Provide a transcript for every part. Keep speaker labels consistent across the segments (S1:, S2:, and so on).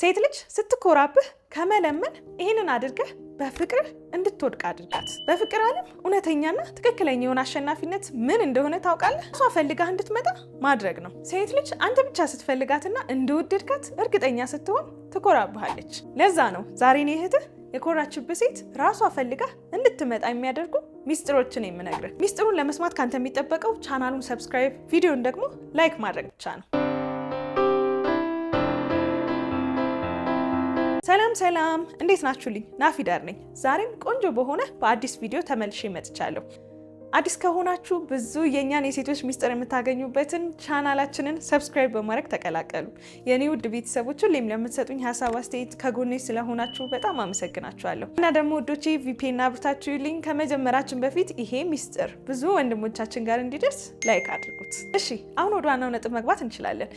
S1: ሴት ልጅ ስትኮራብህ ከመለመን ይህንን አድርገህ በፍቅር እንድትወድቅ አድርጋት። በፍቅር ዓለም እውነተኛና ትክክለኛ የሆነ አሸናፊነት ምን እንደሆነ ታውቃለህ? እሷ ፈልጋህ እንድትመጣ ማድረግ ነው። ሴት ልጅ አንተ ብቻ ስትፈልጋትና እንደወደድካት እርግጠኛ ስትሆን ትኮራብሃለች። ለዛ ነው ዛሬን እኔ እህትህ የኮራችብህ ሴት ራሷ ፈልጋህ እንድትመጣ የሚያደርጉ ሚስጥሮችን የምነግርህ። ሚስጥሩን ለመስማት ካንተ የሚጠበቀው ቻናሉን ሰብስክራይብ፣ ቪዲዮን ደግሞ ላይክ ማድረግ ብቻ ነው። ሰላም ሰላም፣ እንዴት ናችሁልኝ? ናፊዳር ነኝ። ዛሬም ቆንጆ በሆነ በአዲስ ቪዲዮ ተመልሼ መጥቻለሁ። አዲስ ከሆናችሁ ብዙ የእኛን የሴቶች ሚስጥር የምታገኙበትን ቻናላችንን ሰብስክራይብ በማድረግ ተቀላቀሉ። የኔ ውድ ቤተሰቦች ሁሌም ለምትሰጡኝ ሀሳብ፣ አስተያየት ከጎኔ ስለሆናችሁ በጣም አመሰግናችኋለሁ። እና ደግሞ ውዶቼ ቪፒን አብርታችሁ ልኝ ከመጀመራችን በፊት ይሄ ሚስጥር ብዙ ወንድሞቻችን ጋር እንዲደርስ ላይክ አድርጉት። እሺ አሁን ወደ ዋናው ነጥብ መግባት እንችላለን።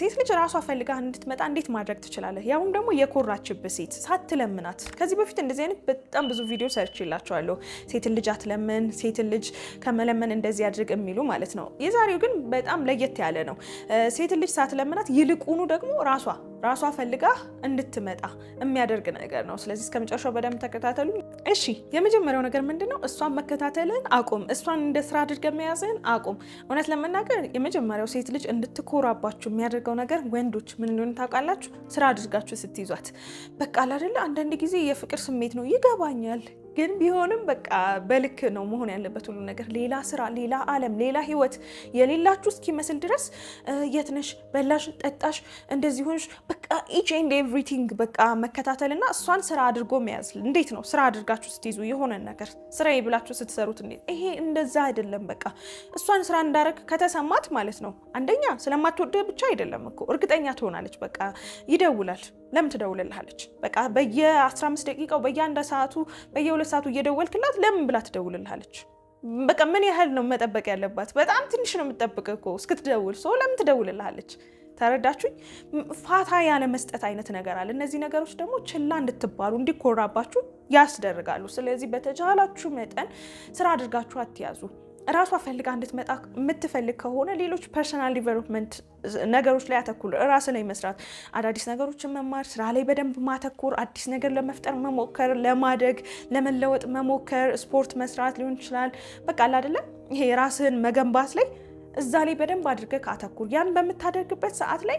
S1: ሴት ልጅ ራሷ ፈልጋ እንድትመጣ እንዴት ማድረግ ትችላለህ? ያውም ደግሞ የኮራችብ ሴት ሳትለምናት። ከዚህ በፊት እንደዚህ አይነት በጣም ብዙ ቪዲዮ ሰርች ሴትን ልጅ አትለምን ሴትን ልጅ ከመለመን እንደዚህ አድርግ የሚሉ ማለት ነው። የዛሬው ግን በጣም ለየት ያለ ነው። ሴት ልጅ ሳትለምናት ይልቁኑ ደግሞ ራሷ ራሷ ፈልጋ እንድትመጣ የሚያደርግ ነገር ነው። ስለዚህ እስከ መጨረሻው በደንብ ተከታተሉ። እሺ፣ የመጀመሪያው ነገር ምንድን ነው? እሷን መከታተልን አቁም። እሷን እንደ ስራ አድርገ መያዝን አቁም። እውነት ለመናገር የመጀመሪያው ሴት ልጅ እንድትኮራባችሁ የሚያደርገው ነገር ወንዶች ምን እንደሆነ ታውቃላችሁ? ስራ አድርጋችሁ ስትይዟት በቃ አይደለ። አንዳንድ ጊዜ የፍቅር ስሜት ነው ይገባኛል ግን ቢሆንም በቃ በልክ ነው መሆን ያለበት ሁሉ ነገር። ሌላ ስራ፣ ሌላ አለም ሌላ ህይወት የሌላችሁ እስኪመስል ድረስ የትነሽ፣ በላሽ፣ ጠጣሽ፣ እንደዚህ ሆንሽ በቃ በቃ ኢች ኤንድ ኤቭሪቲንግ በቃ መከታተልና እሷን ስራ አድርጎ መያዝ። እንዴት ነው ስራ አድርጋችሁ ስትይዙ የሆነ ነገር ስራዬ ብላችሁ ስትሰሩት እንዴት ይሄ እንደዛ አይደለም። በቃ እሷን ስራ እንዳረግ ከተሰማት ማለት ነው አንደኛ ስለማትወደ ብቻ አይደለም እኮ እርግጠኛ ትሆናለች። በቃ ይደውላል። ለምን ትደውልልሃለች? በቃ በየ15 ደቂቃው በየአንድ ሰዓቱ በየሁለት ሰዓቱ እየደወልክላት ለምን ብላ ትደውልልሃለች? በቃ ምን ያህል ነው መጠበቅ ያለባት? በጣም ትንሽ ነው የምጠብቅ እኮ እስክትደውል። ሰው ለምን ትደውልልሃለች? ተረዳችሁኝ? ፋታ ያለ መስጠት አይነት ነገር አለ። እነዚህ ነገሮች ደግሞ ችላ እንድትባሉ እንዲኮራባችሁ ያስደርጋሉ። ስለዚህ በተቻላችሁ መጠን ስራ አድርጋችሁ አትያዙ። እራሷ ፈልጋ እንድትመጣ የምትፈልግ ከሆነ ሌሎች ፐርሰናል ዲቨሎፕመንት ነገሮች ላይ አተኩር። ራስ ላይ መስራት፣ አዳዲስ ነገሮችን መማር፣ ስራ ላይ በደንብ ማተኩር አዲስ ነገር ለመፍጠር መሞከር፣ ለማደግ ለመለወጥ መሞከር፣ ስፖርት መስራት ሊሆን ይችላል። በቃ አይደለም ይሄ ራስህን መገንባት ላይ እዛ ላይ በደንብ አድርገህ ከአተኩር። ያን በምታደርግበት ሰዓት ላይ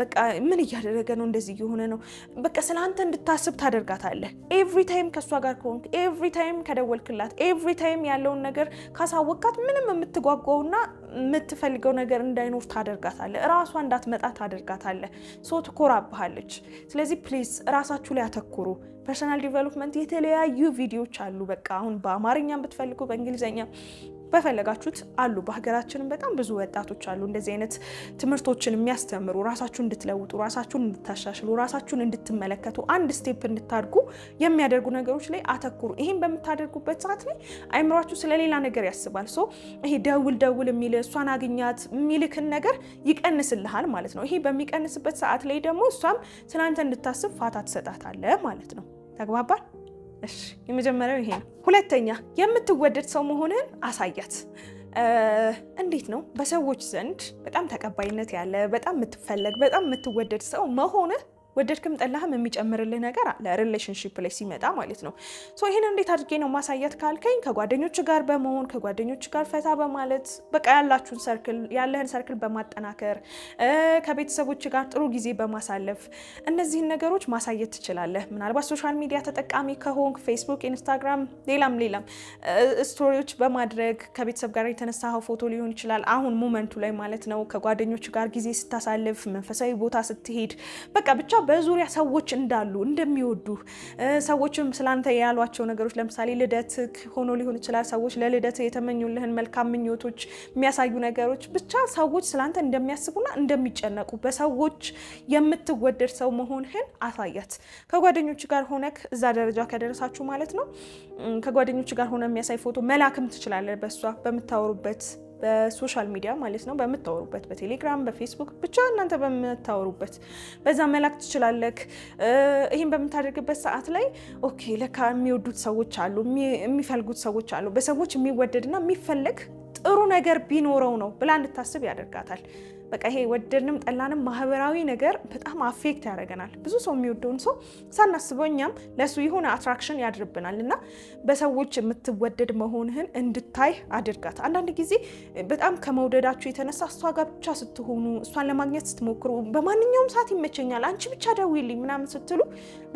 S1: በቃ ምን እያደረገ ነው? እንደዚህ እየሆነ ነው። በቃ ስለ አንተ እንድታስብ ታደርጋታለህ። ኤቭሪ ታይም ከእሷ ጋር ከሆንክ፣ ኤቭሪ ታይም ከደወልክላት፣ ኤቭሪ ታይም ያለውን ነገር ካሳወቅካት ምንም የምትጓጓውና የምትፈልገው ነገር እንዳይኖር ታደርጋታለህ። እራሷ እንዳትመጣ ታደርጋታለህ። ሰው ትኮራብሃለች። ስለዚህ ፕሊዝ እራሳችሁ ላይ አተኩሩ። ፐርሰናል ዲቨሎፕመንት የተለያዩ ቪዲዮዎች አሉ። በቃ አሁን በአማርኛ ብትፈልጉ በእንግሊዝኛ በፈለጋችሁት አሉ። በሀገራችንም በጣም ብዙ ወጣቶች አሉ እንደዚህ አይነት ትምህርቶችን የሚያስተምሩ ራሳችሁን እንድትለውጡ፣ ራሳችሁን እንድታሻሽሉ፣ ራሳችሁን እንድትመለከቱ፣ አንድ ስቴፕ እንድታድጉ የሚያደርጉ ነገሮች ላይ አተኩሩ። ይህን በምታደርጉበት ሰዓት ላይ አይምሯችሁ ስለሌላ ነገር ያስባል። ሶ ይሄ ደውል ደውል የሚል እሷን አግኛት የሚልክን ነገር ይቀንስልሃል ማለት ነው። ይሄ በሚቀንስበት ሰዓት ላይ ደግሞ እሷም ስለአንተ እንድታስብ ፋታ ትሰጣታለህ ማለት ነው። ተግባባል። እሺ የመጀመሪያው ይሄ ነው። ሁለተኛ የምትወደድ ሰው መሆንን አሳያት። እንዴት ነው በሰዎች ዘንድ በጣም ተቀባይነት ያለ በጣም የምትፈለግ በጣም የምትወደድ ሰው መሆንህ ወደድክም ጠላህም የሚጨምርልህ ነገር አለ ሪሌሽንሽፕ ላይ ሲመጣ ማለት ነው። ሶ ይህን እንዴት አድርጌ ነው ማሳየት ካልከኝ ከጓደኞች ጋር በመሆን ከጓደኞች ጋር ፈታ በማለት በቃ ያላችሁን ሰርክል ያለህን ሰርክል በማጠናከር ከቤተሰቦች ጋር ጥሩ ጊዜ በማሳለፍ እነዚህን ነገሮች ማሳየት ትችላለህ። ምናልባት ሶሻል ሚዲያ ተጠቃሚ ከሆንክ ፌስቡክ፣ ኢንስታግራም፣ ሌላም ሌላም ስቶሪዎች በማድረግ ከቤተሰብ ጋር የተነሳው ፎቶ ሊሆን ይችላል። አሁን ሞመንቱ ላይ ማለት ነው። ከጓደኞች ጋር ጊዜ ስታሳልፍ፣ መንፈሳዊ ቦታ ስትሄድ፣ በቃ ብቻ በዙሪያ ሰዎች እንዳሉ እንደሚወዱ ሰዎችም ስላንተ ያሏቸው ነገሮች ለምሳሌ ልደት ሆኖ ሊሆን ይችላል። ሰዎች ለልደት የተመኙልህን መልካም ምኞቶች የሚያሳዩ ነገሮች ብቻ ሰዎች ስላንተ እንደሚያስቡና እንደሚጨነቁ በሰዎች የምትወደድ ሰው መሆንህን አሳያት። ከጓደኞች ጋር ሆነክ እዛ ደረጃ ከደረሳችሁ ማለት ነው ከጓደኞች ጋር ሆነ የሚያሳይ ፎቶ መላክም ትችላለህ። በእሷ በምታወሩበት በሶሻል ሚዲያ ማለት ነው በምታወሩበት በቴሌግራም በፌስቡክ ብቻ እናንተ በምታወሩበት በዛ መላክ ትችላለክ። ይህም በምታደርግበት ሰዓት ላይ ኦኬ ለካ የሚወዱት ሰዎች አሉ፣ የሚፈልጉት ሰዎች አሉ። በሰዎች የሚወደድና የሚፈለግ ጥሩ ነገር ቢኖረው ነው ብላ እንድታስብ ያደርጋታል። በቃ ይሄ ወደድንም ጠላንም ማህበራዊ ነገር በጣም አፌክት ያደርገናል። ብዙ ሰው የሚወደውን ሰው ሳናስበው እኛም ለእሱ የሆነ አትራክሽን ያድርብናል እና በሰዎች የምትወደድ መሆንህን እንድታይ አድርጋት። አንዳንድ ጊዜ በጣም ከመውደዳችሁ የተነሳ እሷ ጋር ብቻ ስትሆኑ፣ እሷን ለማግኘት ስትሞክሩ፣ በማንኛውም ሰዓት ይመቸኛል፣ አንቺ ብቻ ደውይልኝ ምናምን ስትሉ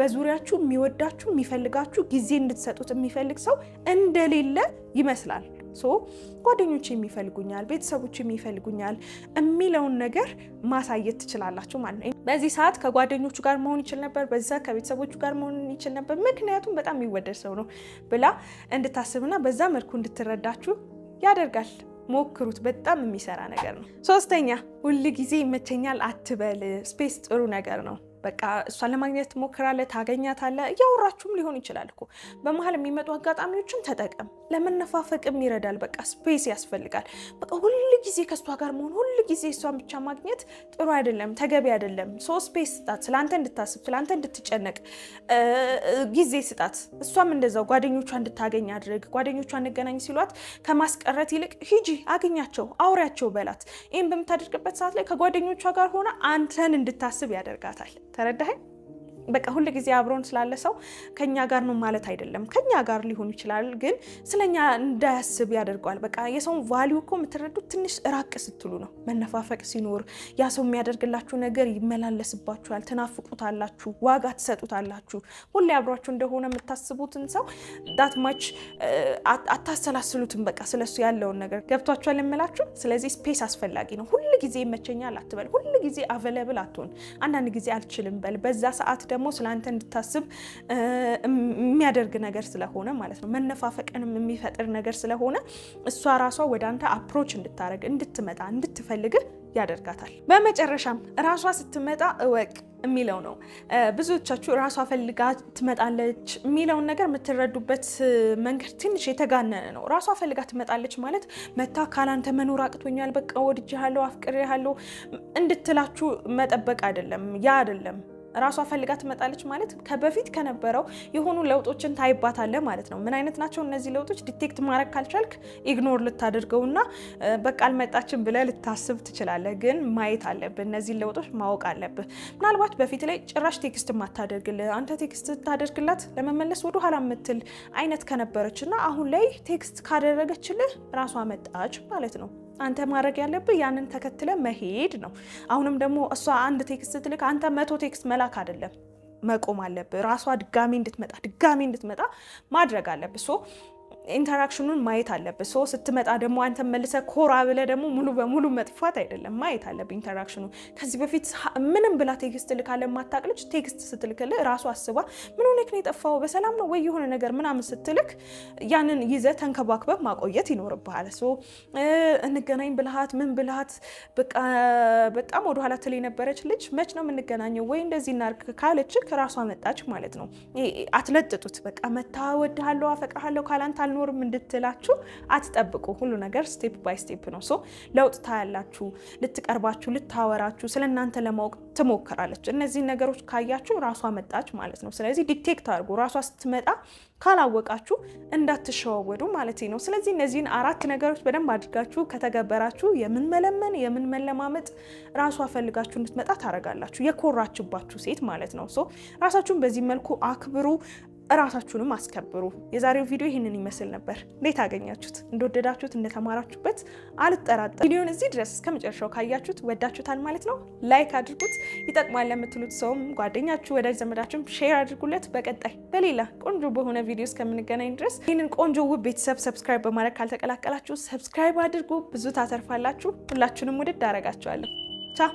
S1: በዙሪያችሁ የሚወዳችሁ የሚፈልጋችሁ ጊዜ እንድትሰጡት የሚፈልግ ሰው እንደሌለ ይመስላል። ሶ ጓደኞች የሚፈልጉኛል፣ ቤተሰቦች የሚፈልጉኛል የሚለውን ነገር ማሳየት ትችላላችሁ ማለት ነው። በዚህ ሰዓት ከጓደኞቹ ጋር መሆን ይችል ነበር፣ በዛ ከቤተሰቦቹ ጋር መሆን ይችል ነበር፣ ምክንያቱም በጣም የሚወደድ ሰው ነው ብላ እንድታስብና በዛ መልኩ እንድትረዳችሁ ያደርጋል። ሞክሩት። በጣም የሚሰራ ነገር ነው። ሶስተኛ ሁል ጊዜ ይመቸኛል አትበል። ስፔስ ጥሩ ነገር ነው። በቃ እሷን ለማግኘት ትሞክራለህ፣ ታገኛታለህ። እያወራችሁም ሊሆን ይችላል እኮ በመሀል የሚመጡ አጋጣሚዎችን ተጠቀም። ለመነፋፈቅም ይረዳል። በቃ ስፔስ ያስፈልጋል። በቃ ሁል ጊዜ ከእሷ ጋር መሆን፣ ሁል ጊዜ እሷን ብቻ ማግኘት ጥሩ አይደለም፣ ተገቢ አይደለም። ሶ ስፔስ ስጣት፣ ስለአንተ እንድታስብ፣ ስለአንተ እንድትጨነቅ ጊዜ ስጣት። እሷም እንደዛው ጓደኞቿ እንድታገኝ አድርግ። ጓደኞቿ እንገናኝ ሲሏት ከማስቀረት ይልቅ ሂጂ፣ አግኛቸው፣ አውሪያቸው በላት። ይህም በምታደርግበት ሰዓት ላይ ከጓደኞቿ ጋር ሆነ አንተን እንድታስብ ያደርጋታል። ተረዳኸኝ? በቃ ሁል ጊዜ አብሮን ስላለ ሰው ከኛ ጋር ነው ማለት አይደለም። ከኛ ጋር ሊሆን ይችላል፣ ግን ስለኛ እንዳያስብ ያደርገዋል። በቃ የሰውን ቫሊዩ እኮ የምትረዱት ትንሽ ራቅ ስትሉ ነው። መነፋፈቅ ሲኖር ያ ሰው የሚያደርግላችሁ ነገር ይመላለስባችኋል፣ ትናፍቁታላችሁ፣ ዋጋ ትሰጡታላችሁ። ሁሌ አብሯችሁ እንደሆነ የምታስቡትን ሰው ዳት ማች አታሰላስሉትም። በቃ ስለሱ ያለውን ነገር ገብቷችኋል የምላችሁ። ስለዚህ ስፔስ አስፈላጊ ነው። ሁል ጊዜ ይመቸኛል አትበል፣ ሁል ጊዜ አቬለብል አትሆን። አንዳንድ ጊዜ አልችልም በል። በዛ ሰዓት ደግሞ ደግሞ ስለ አንተ እንድታስብ የሚያደርግ ነገር ስለሆነ ማለት ነው መነፋፈቅንም የሚፈጥር ነገር ስለሆነ እሷ ራሷ ወደ አንተ አፕሮች እንድታደርግ እንድትመጣ እንድትፈልግህ ያደርጋታል። በመጨረሻም ራሷ ስትመጣ እወቅ የሚለው ነው። ብዙዎቻችሁ ራሷ ፈልጋ ትመጣለች የሚለውን ነገር የምትረዱበት መንገድ ትንሽ የተጋነነ ነው። ራሷ ፈልጋ ትመጣለች ማለት መታ ካላንተ መኖር አቅቶኛል፣ በቃ ወድጄሃለሁ፣ አፍቅሬሃለሁ እንድትላችሁ መጠበቅ አይደለም። ያ አይደለም ራሷ ፈልጋ ትመጣለች ማለት ከበፊት ከነበረው የሆኑ ለውጦችን ታይባታለ ማለት ነው። ምን አይነት ናቸው እነዚህ ለውጦች? ዲቴክት ማድረግ ካልቻልክ ኢግኖር ልታደርገው እና በቃ አልመጣችም ብለ ልታስብ ትችላለ ግን ማየት አለብህ፣ እነዚህ ለውጦች ማወቅ አለብህ። ምናልባት በፊት ላይ ጭራሽ ቴክስት ማታደርግል አንተ ቴክስት ታደርግላት ለመመለስ ወደ ኋላ የምትል አይነት ከነበረች እና አሁን ላይ ቴክስት ካደረገችልህ ራሷ መጣች ማለት ነው። አንተ ማድረግ ያለብህ ያንን ተከትለ መሄድ ነው። አሁንም ደግሞ እሷ አንድ ቴክስት ስትልክ አንተ መቶ ቴክስት መላክ አይደለም መቆም አለብህ። ራሷ ድጋሜ እንድትመጣ ድጋሚ እንድትመጣ ማድረግ አለብህ። ኢንተራክሽኑን ማየት አለብህ። ሶ ስትመጣ ደግሞ አንተ መልሰ ኮራ ብለህ ደግሞ ሙሉ በሙሉ መጥፋት አይደለም ማየት አለብህ ኢንተራክሽኑ። ከዚህ በፊት ምንም ብላ ቴክስት ልካለ የማታቅ ልጅ ቴክስት ስትልክልህ ራሱ አስባ ምን ሆነክ ነው የጠፋው በሰላም ነው ወይ የሆነ ነገር ምናምን ስትልክ ያንን ይዘህ ተንከባክበህ ማቆየት ይኖርብሃል። ሶ እንገናኝ ብልሃት ምን ብልሃት በጣም ወደኋላ ትል የነበረች ልጅ መች ነው የምንገናኘው ወይ እንደዚህ እናርግ ካለች ራሷ መጣች ማለት ነው። አትለጥጡት በቃ መታ ወድሃለሁ አፈቅርሃለሁ ካላንተ አልኖርም እንድትላችሁ አትጠብቁ። ሁሉ ነገር ስቴፕ ባይ ስቴፕ ነው። ሶ ለውጥ ታያላችሁ። ልትቀርባችሁ፣ ልታወራችሁ፣ ስለ እናንተ ለማወቅ ትሞክራለች። እነዚህን ነገሮች ካያችሁ ራሷ መጣች ማለት ነው። ስለዚህ ዲቴክት አድርጉ። ራሷ ስትመጣ ካላወቃችሁ እንዳትሸዋወዱ ማለት ነው። ስለዚህ እነዚህን አራት ነገሮች በደንብ አድርጋችሁ ከተገበራችሁ የምንመለመን የምንመለማመጥ ራሷ ፈልጋችሁ እንድትመጣ ታደርጋላችሁ። የኮራችባችሁ ሴት ማለት ነው። ሶ ራሳችሁን በዚህ መልኩ አክብሩ። እራሳችሁንም አስከብሩ። የዛሬው ቪዲዮ ይህንን ይመስል ነበር። እንዴት አገኛችሁት? እንደወደዳችሁት እንደተማራችሁበት አልጠራጠር። ቪዲዮን እዚህ ድረስ እስከ መጨረሻው ካያችሁት ወዳችሁታል ማለት ነው። ላይክ አድርጉት። ይጠቅማል ለምትሉት ሰውም ጓደኛችሁ፣ ወዳጅ ዘመዳችሁም ሼር አድርጉለት። በቀጣይ በሌላ ቆንጆ በሆነ ቪዲዮ እስከምንገናኝ ድረስ ይህንን ቆንጆ ውብ ቤተሰብ ሰብስክራይብ በማድረግ ካልተቀላቀላችሁ ሰብስክራይብ አድርጉ። ብዙ ታተርፋላችሁ። ሁላችሁንም ውድድ አረጋችኋለሁ። ቻ